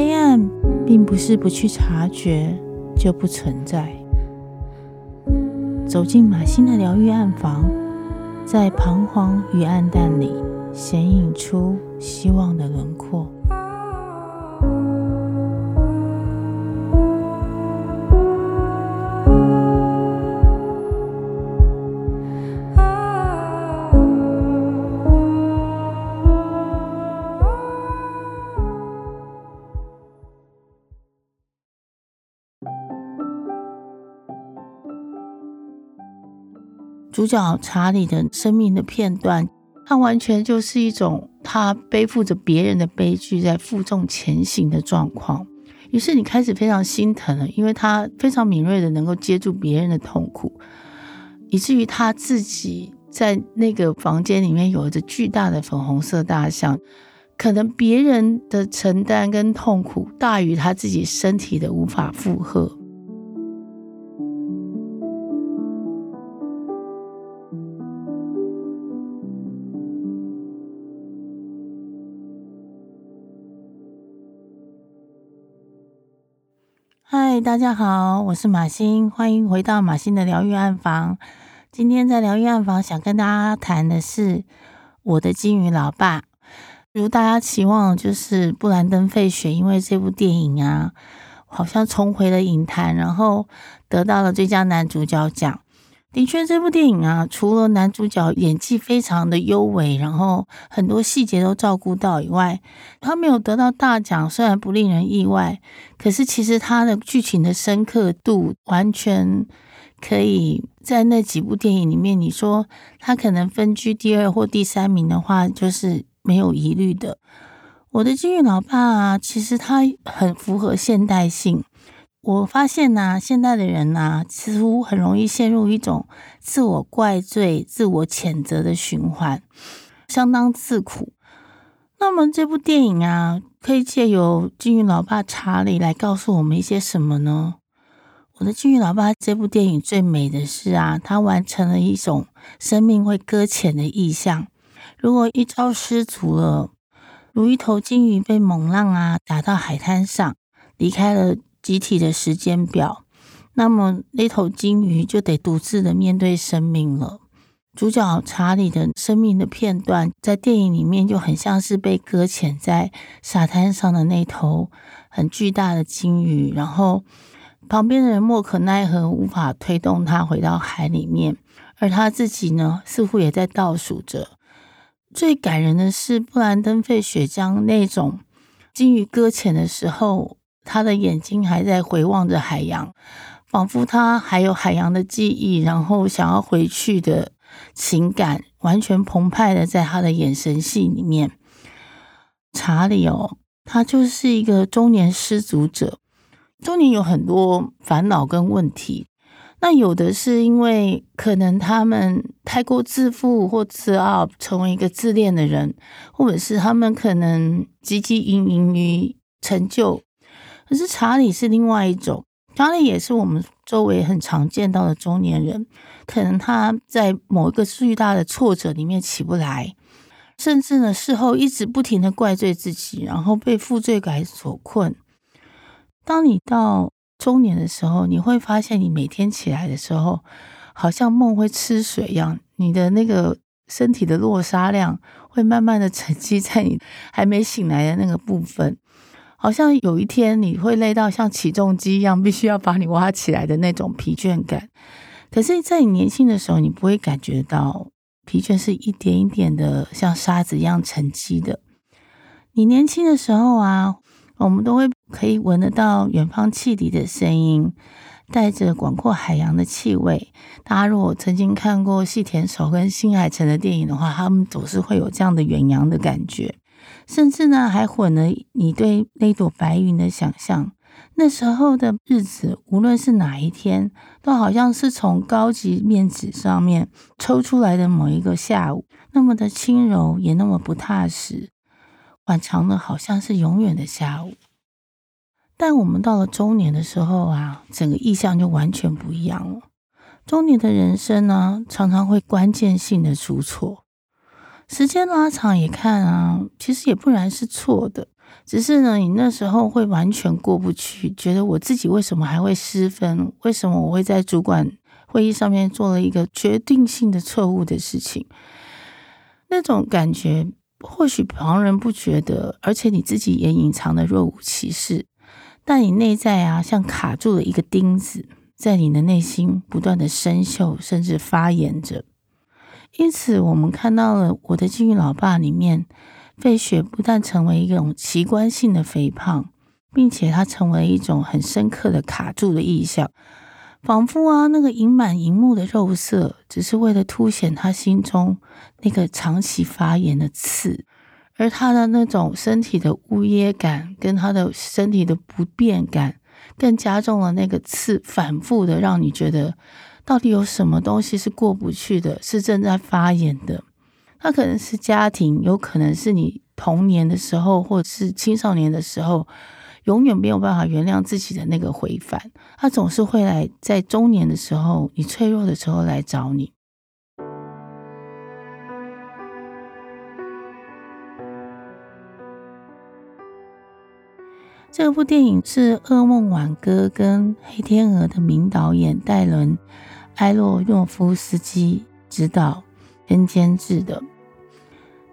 黑暗並不是不去察覺就不存在。走進馬欣的療癒暗房，在彷徨與暗淡裡，顯影出希望的輪廓。主角查理的生命的片段，他完全就是一種他背負着別人的悲劇在負重前行的狀況。於是你開始非常心疼了，因為他非常敏銳的能夠接住別人的痛苦，以至於他自己在那個房間裡面有着巨大的粉紅色大象，可能別人的承擔跟痛苦大於他自己身體的無法負荷。嗨，大家好，我是馬欣，歡迎回到馬欣的療癒暗房。今天在療癒暗房，想跟大家談的是我的鯨魚老爸。如大家期望的，就是布蘭登·費雪，因為這部電影啊，好像重回了影壇，然後得到了最佳男主角獎。的確，這部電影啊，除了男主角演技非常的優美，然後很多細節都照顧到以外，他沒有得到大獎，雖然不令人意外，可是其實他的劇情的深刻度完全可以在那幾部電影裡面，你說他可能分居第二或第三名的話，就是沒有疑慮的。我的鯨魚老爸啊，其實他很符合現代性。我發現呢、啊，現代的人呢、啊，似乎很容易陷入一種自我怪罪、自我譴責的循環，相當自苦。那麼，這部電影啊，可以借由鯨魚老爸查理來告訴我們一些什麼呢？我的《鯨魚老爸》這部電影最美的是啊，它完成了一種生命會擱淺的意象。如果一朝失足了，如一頭鯨魚被猛浪啊打到海灘上，離開了。集體的時間表，那麼那頭鯨魚就得獨自的面對生命了。主角查理的生命的片段，在電影裡面就很像是被擱淺在沙灘上的那頭很巨大的鯨魚，然後旁邊的人莫可奈何，無法推動它回到海裡面，而他自己呢，似乎也在倒數着。最感人的是，布蘭登費雪將那種鯨魚擱淺的時候。他的眼睛還在回望着海洋，仿佛他還有海洋的記憶，然後想要回去的情感完全澎湃的在他的眼神戲裡面。查理哦，他就是一個中年失足者，中年有很多煩惱跟問題。那有的是因為可能他們太過自負或自傲，成為一個自戀的人，或者是他們可能汲汲營營於成就。可是查理是另外一種，查理也是我們周圍很常見到的中年人，可能他在某一個巨大的挫折裡面起不來，甚至呢，事後一直不停的怪罪自己，然後被負罪感所困。當你到中年的時候，你會發現你每天起來的時候，好像夢會吃水一樣，你的那個身體的落沙量會慢慢的沉積在你還沒醒來的那個部分。好像有一天你會累到像起重機一樣，必須要把你挖起來的那種疲倦感。可是，在你年輕的時候，你不會感覺到疲倦是一點一點的，像沙子一樣沉積的。你年輕的時候啊，我們都會可以聞得到遠方汽笛的聲音，帶着廣闊海洋的氣味。大家如果曾經看過細田守跟新海誠的電影的話，他們總是會有這樣的遠洋的感覺。甚至呢，還混了你對那朵白雲的想象。那時候的日子，無論是哪一天，都好像是從高級面紙上面抽出來的某一個下午，那麼的輕柔，也那麼不踏實，漫長的好像是永遠的下午。但我們到了中年的時候啊，整個意象就完全不一樣了。中年的人生呢，常常會關鍵性的出錯。時間拉長也看啊，其實也不然是錯的，只是呢，你那時候會完全過不去，覺得我自己為什麼還會失分？為什麼我會在主管會議上面做了一個決定性的錯誤的事情？那種感覺或許旁人不覺得，而且你自己也隱藏的若無其事，但你內在啊，像卡住了一個釘子，在你的內心不斷的生鏽，甚至發炎着。因此，我們看到了我的《鯨魚老爸》裡面，費雪不但成為一種奇觀性的肥胖，並且他成為一種很深刻的卡住的意象，仿佛啊，那個盈滿銀幕的肉色，只是為了凸顯他心中那個長期發炎的刺，而他的那種身體的嗚咽感跟他的身體的不便感，更加重了那個刺，反覆的讓你覺得。到底有什麼東西是過不去的？是正在發炎的？它可能是家庭，有可能是你童年的時候，或者是青少年的時候，永遠沒有辦法原諒自己的那個回返。它總是會來，在中年的時候，你脆弱的時候來找你。這部電影是《噩夢輓歌》跟《黑天鵝》的名導演戴倫。開洛諾夫斯基執導跟監製的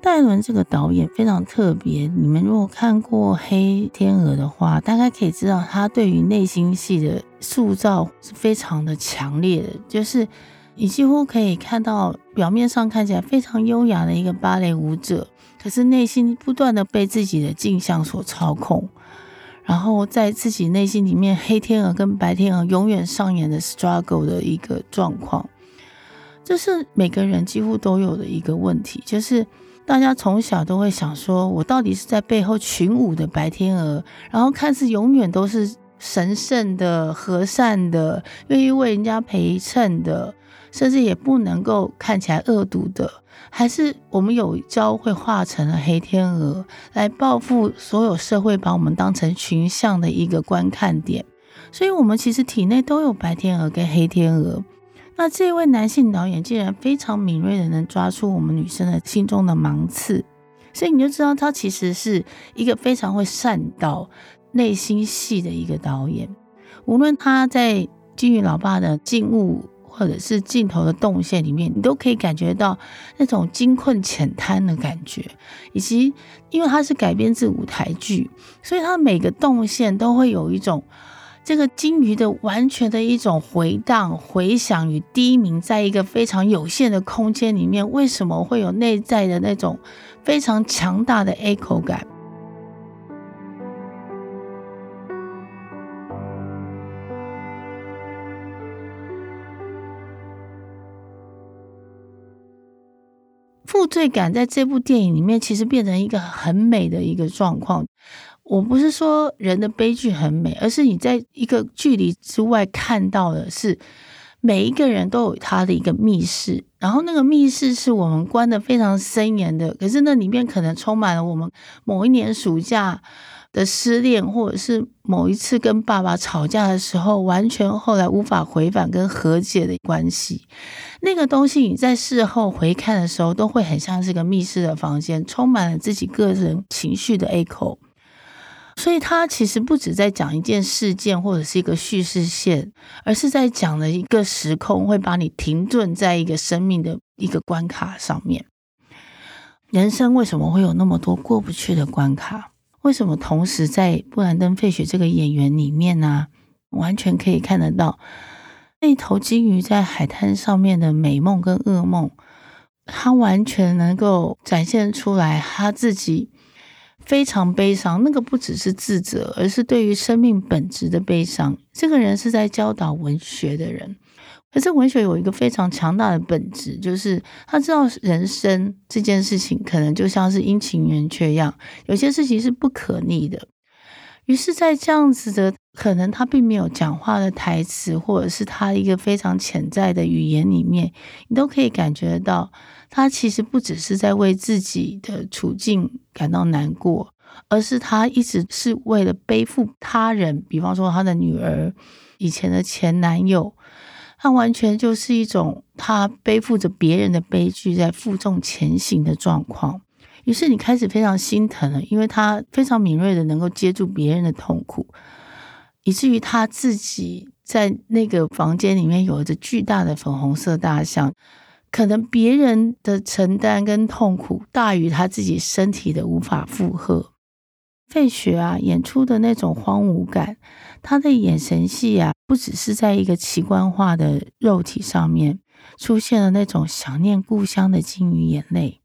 戴倫這個導演非常特別，你們如果看過《黑天鵝》的話，大概可以知道他對於內心戲的塑造是非常的強烈的，就是你幾乎可以看到表面上看起來非常優雅的一個芭蕾舞者，可是內心不斷的被自己的鏡像所操控，然後在自己內心裡面，黑天鵝跟白天鵝永遠上演的 struggle 的一個狀況，這是每個人幾乎都有的一個問題，就是大家從小都會想說，我到底是在背後群舞的白天鵝，然後看似永遠都是神聖的、和善的、願意為人家陪襯的。甚至也不能夠看起來惡毒的，還是我們有朝會化成了黑天鵝來報復所有社會把我們當成群像的一個觀看點。所以，我們其實體內都有白天鵝跟黑天鵝。那這一位男性導演竟然非常敏銳的能抓出我們女生的心中的盲刺，所以你就知道他其實是一個非常會善導內心戲的一個導演。無論他在《鯨魚老爸》的靜物或者是鏡頭的動線裡面，你都可以感覺到那種鯨困淺灘的感覺，以及因為它是改編自舞台劇，所以它每個動線都會有一種這個鯨魚的完全的一種回盪、回響與低鳴，在一個非常有限的空間裡面，為什麼會有內在的那種非常強大的 echo 感？罪感在這部電影裡面，其實變成一個很美的一個狀況。我不是說人的悲劇很美，而是你在一個距離之外看到的是，每一個人都有他的一個密室，然後那個密室是我們關得非常森嚴的，可是那裡面可能充滿了我們某一年暑假。的失戀，或者是某一次跟爸爸吵架的時候，完全後來無法回返跟和解的關係。那個東西，你在事後回看的時候，都會很像是個密室的房間，充滿了自己個人情緒的 echo。所以，他其實不只在講一件事件或者是一個敘事線，而是在講了一個時空，會把你停頓在一個生命的一個關卡上面。人生為什麼會有那麼多過不去的關卡？為什麼同時在布蘭登·費雪這個演員裡面呢、啊，完全可以看得到那頭鯨魚在海灘上面的美夢跟噩夢，他完全能夠展現出來他自己非常悲傷，那個不只是自責，而是對於生命本質的悲傷。這個人是在教導文學的人。可是文學有一個非常強大的本質，就是他知道人生這件事情可能就像是陰晴圓缺一樣，有些事情是不可逆的。於是，在這樣子的可能他並沒有講話的台詞，或者是他一個非常潛在的語言裡面，你都可以感覺到，他其實不只是在為自己的處境感到難過，而是他一直是為了背負他人，比方說他的女兒，以前的前男友。他完全就是一種他背負着別人的悲劇在負重前行的狀況，於是你開始非常心疼了，因為他非常敏銳的能夠接住別人的痛苦，以至於他自己在那個房間裡面有着巨大的粉紅色大象，可能別人的承擔跟痛苦大於他自己身體的無法負荷。費雪啊，演出的那種荒蕪感，她的眼神戲啊，不只是在一個奇觀化的肉體上面出現了那種想念故鄉的鯨魚眼淚，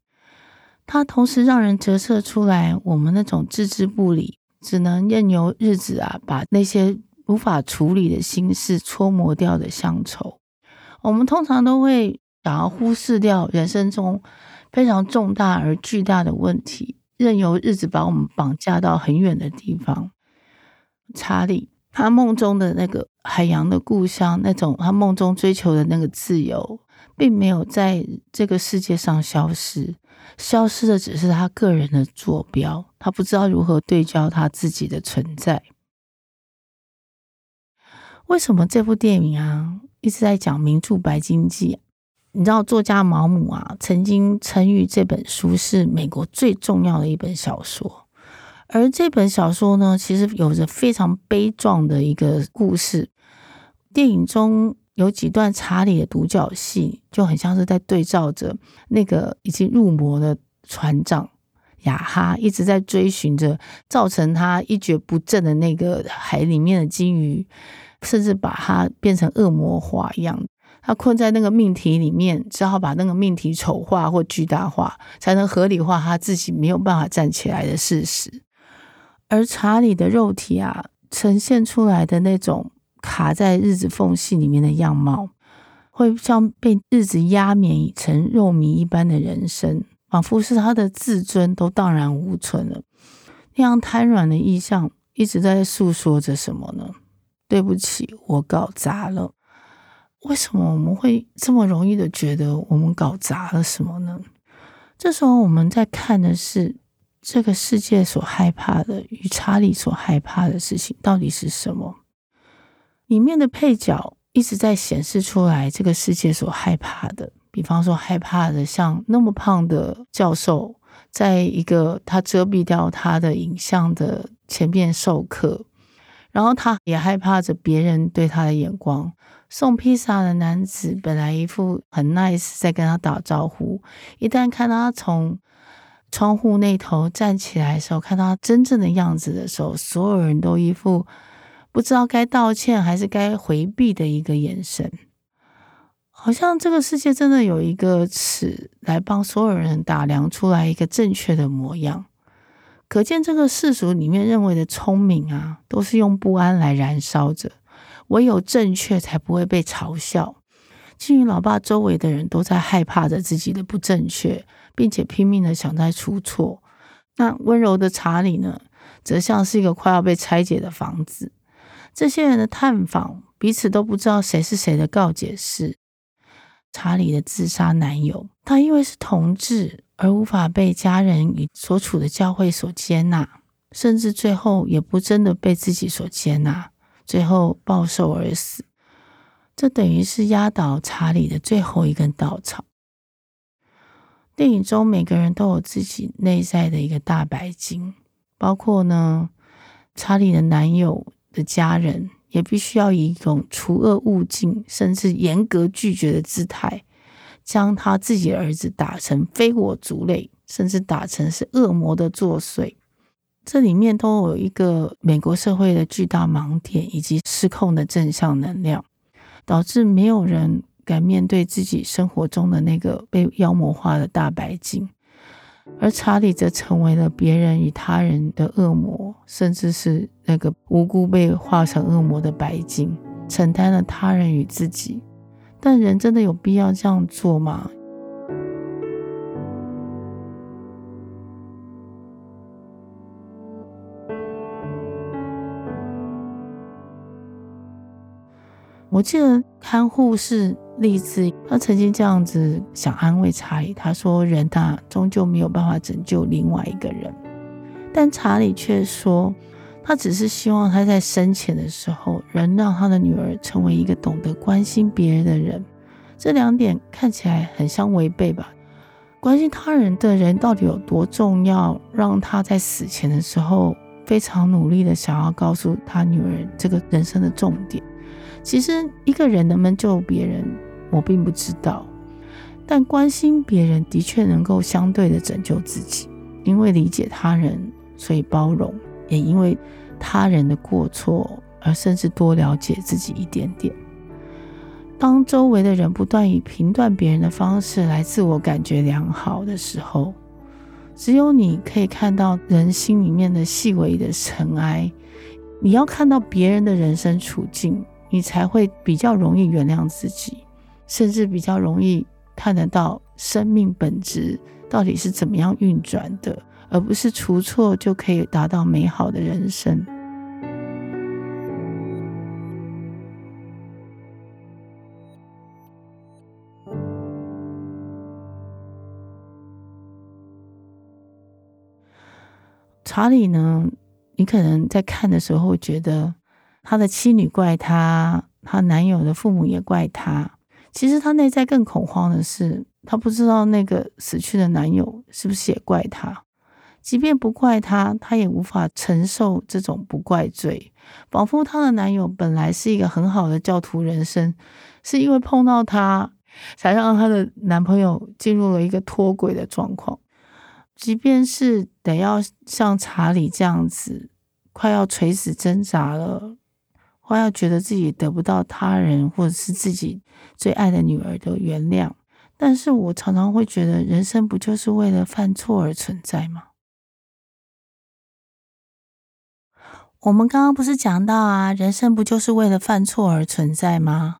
它同時讓人折射出來我們那種置之不理，只能任由日子啊把那些無法處理的心事搓磨掉的鄉愁。我們通常都會想要忽視掉人生中非常重大而巨大的問題。任由日子把我們綁架到很遠的地方。查理他夢中的那個海洋的故鄉，那種他夢中追求的那個自由，並沒有在這個世界上消失。消失的只是他個人的坐標，他不知道如何對焦他自己的存在。為什麼這部電影啊一直在講名著、啊《白鯨記》？你知道作家毛姆啊，曾經稱譽這本書是美國最重要的一本小說，而這本小說呢，其實有着非常悲壯的一個故事。電影中有幾段查理的獨角戲，就很像是在對照着那個已經入魔的船長雅哈一直在追尋着造成他一蹶不振的那個海裡面的鯨魚，甚至把它變成惡魔化一樣。他困在那個命題裡面，只好把那個命題醜化或巨大化，才能合理化他自己沒有辦法站起來的事實。而查理的肉體啊，呈現出來的那種卡在日子縫隙裡面的樣貌，會像被日子壓扁成肉糜一般的人生，仿佛是他的自尊都蕩然無存了。那樣癱軟的意象，一直在訴說着什麼呢？對不起，我搞砸了。為什麼我們會這麼容易的覺得我們搞砸了什麼呢？這時候我們在看的是這個世界所害怕的與查理所害怕的事情到底是什麼？裡面的配角一直在顯示出來這個世界所害怕的，比方說害怕的像那麼胖的教授，在一個他遮蔽掉他的影像的前面授課，然後他也害怕着別人對他的眼光。送披薩的男子本來一副很 nice，在跟他打招呼。一旦看到他從窗戶那頭站起來的時候，看到他真正的樣子的時候，所有人都一副不知道該道歉還是該回避的一個眼神。好像這個世界真的有一個尺來幫所有人打量出來一個正確的模樣。可見這個世俗裡面認為的聰明啊，都是用不安來燃燒着。唯有正確才不會被嘲笑。鯨魚老爸周圍的人都在害怕着自己的不正確，並且拼命的想再出錯。那溫柔的查理呢，則像是一個快要被拆解的房子。這些人的探訪，彼此都不知道誰是誰的告解室。查理的自殺男友，他因為是同志而無法被家人與所處的教會所接納，甚至最後也不真的被自己所接納。最後暴瘦而死，這等於是壓倒查理的最後一根稻草。電影中每個人都有自己內在的一個大白鯨，包括呢，查理的男友的家人，也必須要以一種除惡務盡，甚至嚴格拒絕的姿態，將他自己的兒子打成非我族類，甚至打成是惡魔的作祟。這裡面都有一個美國社會的巨大盲點以及失控的正向能量，導致沒有人敢面對自己生活中的那個被妖魔化的大白鯨，而查理則成為了別人與他人的惡魔，甚至是那個無辜被化成惡魔的白鯨，承擔了他人與自己。但人真的有必要這樣做嗎？我記得看護士麗茲，她曾經這樣子想安慰查理，她說：“人他終究沒有辦法拯救另外一個人。”但查理卻說：“他只是希望他在生前的時候，能讓他的女兒成為一個懂得關心別人的人。”這兩點看起來很相違背吧？關心他人的人到底有多重要？讓他在死前的時候非常努力的想要告訴他女兒這個人生的重點。其實一個人能不能救別人，我並不知道，但關心別人的確能夠相對的拯救自己。因為理解他人，所以包容；也因為他人的過錯，而甚至多了解自己一點點。當周圍的人不斷以評斷別人的方式來自我感覺良好的時候，只有你可以看到人心裡面的細微的塵埃。你要看到別人的人生處境。你才會比較容易原諒自己，甚至比較容易看得到生命本質到底是怎麼樣運轉的，而不是除錯就可以達到美好的人生。查理呢？你可能在看的時候覺得。他的妻女怪他，他男友的父母也怪他。其實他內在更恐慌的是，他不知道那個死去的男友是不是也怪他。即便不怪他，他也無法承受這種不怪罪，仿佛他的男友本來是一個很好的教徒人生，是因為碰到他，才讓他的男朋友進入了一個脫軌的狀況。即便是得要像查理這樣子，快要垂死掙扎了。我要覺得自己得不到他人或者是自己最愛的女兒的原諒，但是我常常會覺得，人生不就是為了犯錯而存在嗎？我們剛剛不是講到啊，人生不就是為了犯錯而存在嗎？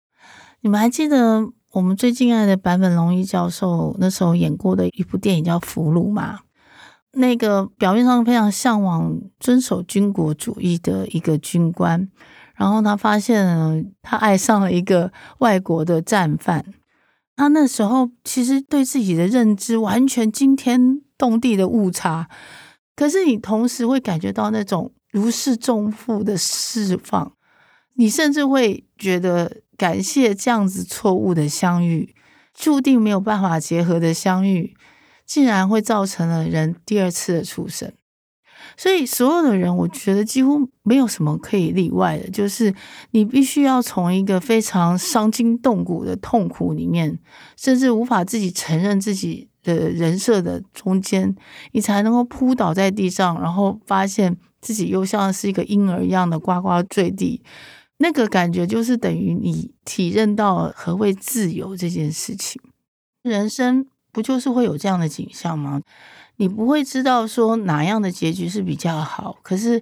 你們還記得我們最敬愛的坂本龍一教授那時候演過的一部電影叫《俘虜》嗎？那個表面上非常向往、遵守軍國主義的一個軍官。然後他發現，他愛上了一個外國的戰犯。他那時候其實對自己的認知完全驚天動地的誤差，可是你同時會感覺到那種如釋重負的釋放，你甚至會覺得感謝這樣子錯誤的相遇，注定沒有辦法結合的相遇，竟然會造成了人第二次的出生。所以，所有的人，我覺得幾乎沒有什麼可以例外的，就是你必須要從一個非常傷筋動骨的痛苦裡面，甚至無法自己承認自己的人設的中間，你才能夠撲倒在地上，然後發現自己又像是一個嬰兒一樣的呱呱墜地，那個感覺就是等於你體認到何謂自由這件事情。人生不就是會有這樣的景象嗎？你不會知道說哪樣的結局是比較好，可是，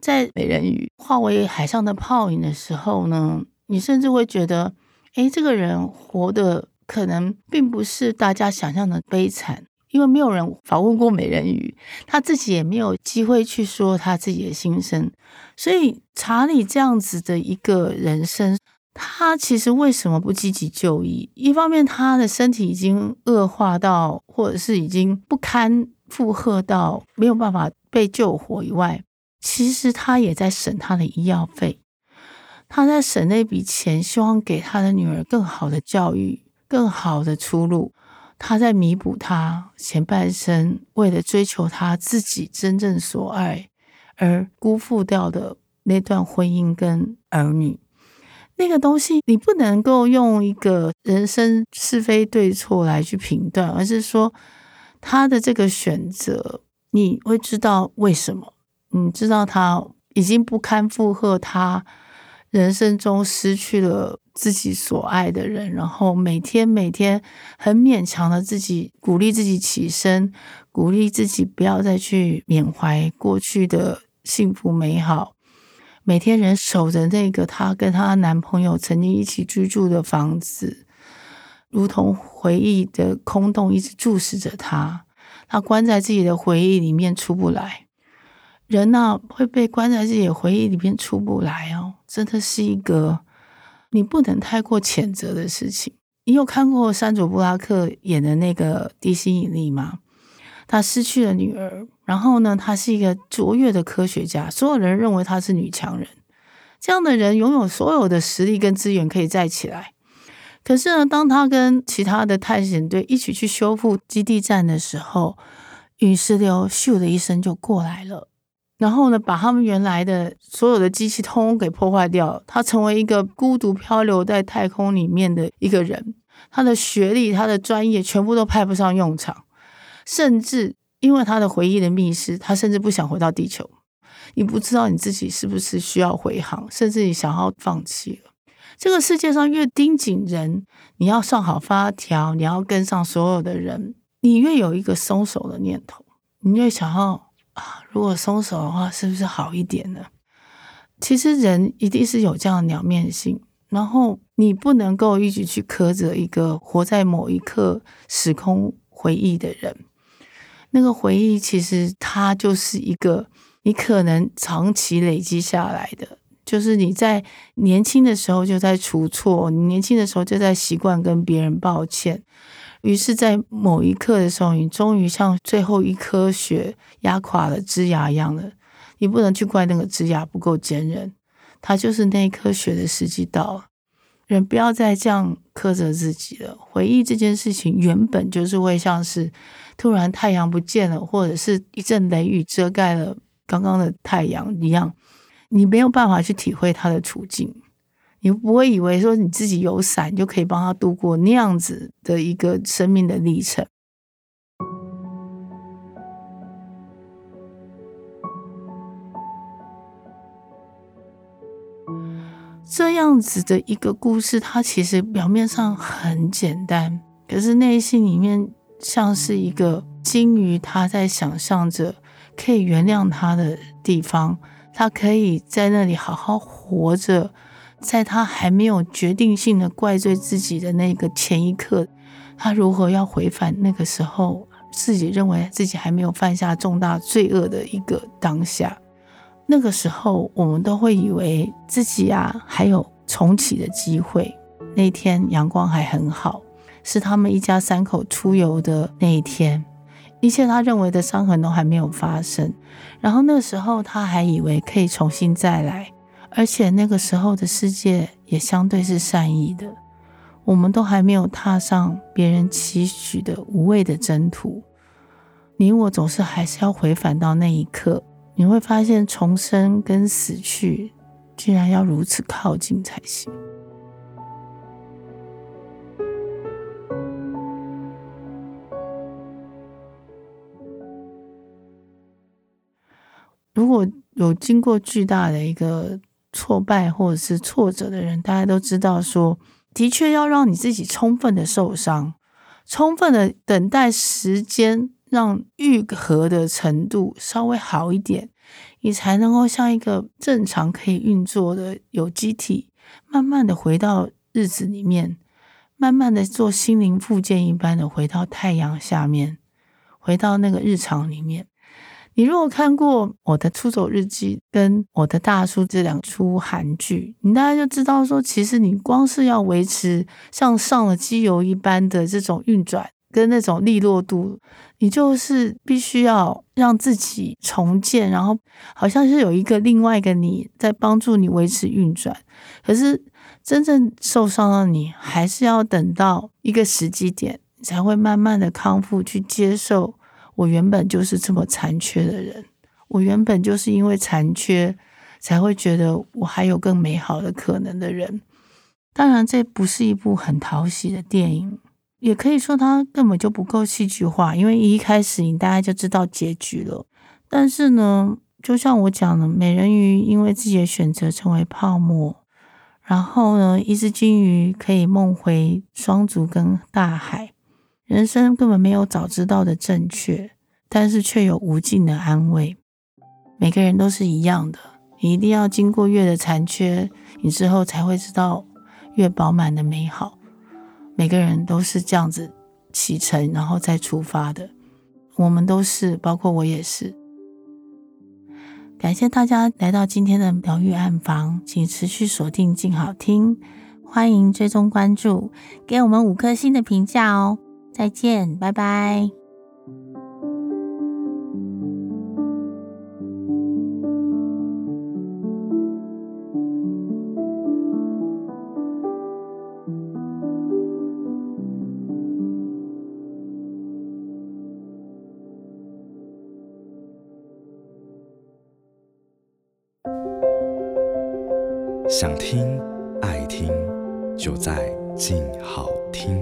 在美人魚化為海上的泡影的時候呢，你甚至會覺得，誒，這個人活得可能並不是大家想象的悲慘，因為沒有人訪問過美人魚，他自己也沒有機會去說他自己的心聲，所以查理這樣子的一個人生。他其實為什麼不積極就醫？一方面，他的身體已經惡化到，或者是已經不堪負荷到沒有辦法被救活以外，其實他也在省他的醫藥費，他在省那筆錢，希望給他的女兒更好的教育、更好的出路，他在彌補他前半生為了追求他自己真正所愛而辜負掉的那段婚姻跟兒女。那個東西，你不能夠用一個人生是非對錯來去評斷，而是說他的這個選擇，你會知道為什麼？你知道他已經不堪負荷，他人生中失去了自己所愛的人，然後每天每天很勉強的自己鼓勵自己起身，鼓勵自己不要再去緬懷過去的幸福美好。每天人守着那個她跟她男朋友曾經一起居住的房子，如同回憶的空洞，一直注視着她。她關在自己的回憶裡面出不來，人吶、啊，會被關在自己的回憶裡面出不來哦，真的是一個你不能太過譴責的事情。你有看過珊卓布拉克演的那個《地心引力》嗎？他失去了女兒。然後呢，她是一個卓越的科學家，所有人認為她是女強人。這樣的人擁有所有的實力跟資源可以再起來。可是呢，當她跟其他的探險隊一起去修復基地站的時候，隕石流咻的一聲就過來了，然後呢，把他們原來的所有的機器通通給破壞掉了。她成為一個孤獨漂流在太空裡面的一個人。她的學歷、她的專業全部都派不上用場，甚至。因為他的回憶的密室，他甚至不想回到地球。你不知道你自己是不是需要回航，甚至你想要放棄了。這個世界上越盯緊人，你要上好發條，你要跟上所有的人，你越有一個鬆手的念頭，你越想要啊！如果鬆手的話，是不是好一點呢？其實人一定是有這樣的兩面性，然後你不能夠一直去苛責一個活在某一刻時空回憶的人。那個回憶，其實它就是一個你可能長期累積下來的，就是你在年輕的時候就在出錯，你年輕的時候就在習慣跟別人抱歉，於是在某一刻的時候，你終於像最後一顆雪壓垮了枝椏一樣的，你不能去怪那個枝椏不夠堅韌，它就是那一顆雪的時機到了。人不要再這樣苛責自己了。回憶這件事情，原本就是會像是。突然太陽不見了，或者是一陣雷雨遮蓋了剛剛的太陽一樣，你沒有辦法去體會他的處境，你不會以為說你自己有傘就可以幫他度過那樣子的一個生命的歷程。這樣子的一個故事，它其實表面上很簡單，可是內心裡面。像是一個鯨魚，他在想象着可以原諒他的地方，他可以在那裡好好活着，在他還沒有決定性的怪罪自己的那個前一刻，他如何要回返那個時候，自己認為自己還沒有犯下重大罪惡的一個當下，那個時候我們都會以為自己啊還有重啟的機會，那天陽光還很好，是他們一家三口出遊的那一天，一切他認為的傷痕都還沒有發生。然後那個時候他還以為可以重新再來，而且那個時候的世界也相對是善意的。我們都還沒有踏上別人期許的無謂的征途。你我總是還是要回返到那一刻，你會發現重生跟死去竟然要如此靠近才行。如果有經過巨大的一個挫敗或者是挫折的人，大家都知道說，說的確要讓你自己充分的受傷，充分的等待時間，讓癒合的程度稍微好一點，你才能夠像一個正常可以運作的有機體，慢慢的回到日子裡面，慢慢的做心靈復健一般的回到太陽下面，回到那個日常裡面。你如果看過《我的出走日記》跟《我的大叔》這兩齣韓劇，你大概就知道說，其實你光是要維持像上了機油一般的這種運轉跟那種利落度，你就是必須要讓自己重建，然後好像是有一個另外一個你在幫助你維持運轉，可是真正受傷的你還是要等到一個時機點才會慢慢的康復去接受。我原本就是這麼殘缺的人，我原本就是因為殘缺，才會覺得我還有更美好的可能的人。當然，這不是一部很討喜的電影，也可以說它根本就不夠戲劇化，因為一開始你大概就知道結局了。但是呢，就像我講的，美人魚因為自己的選擇成為泡沫，然後呢，一隻鯨魚可以夢回雙足跟大海。人生根本沒有早知道的正確，但是卻有無盡的安慰。每個人都是一樣的，你一定要經過月的殘缺，你之後才會知道月飽滿的美好。每個人都是這樣子啟程，然後再出發的。我們都是，包括我也是。感謝大家來到今天的療癒暗房，請持續鎖定靜好聽，歡迎追蹤關注，給我們五顆星的評價哦。再見，拜拜。想聽愛聽，就在靜好聽。